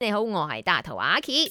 你好，我係大頭阿杰。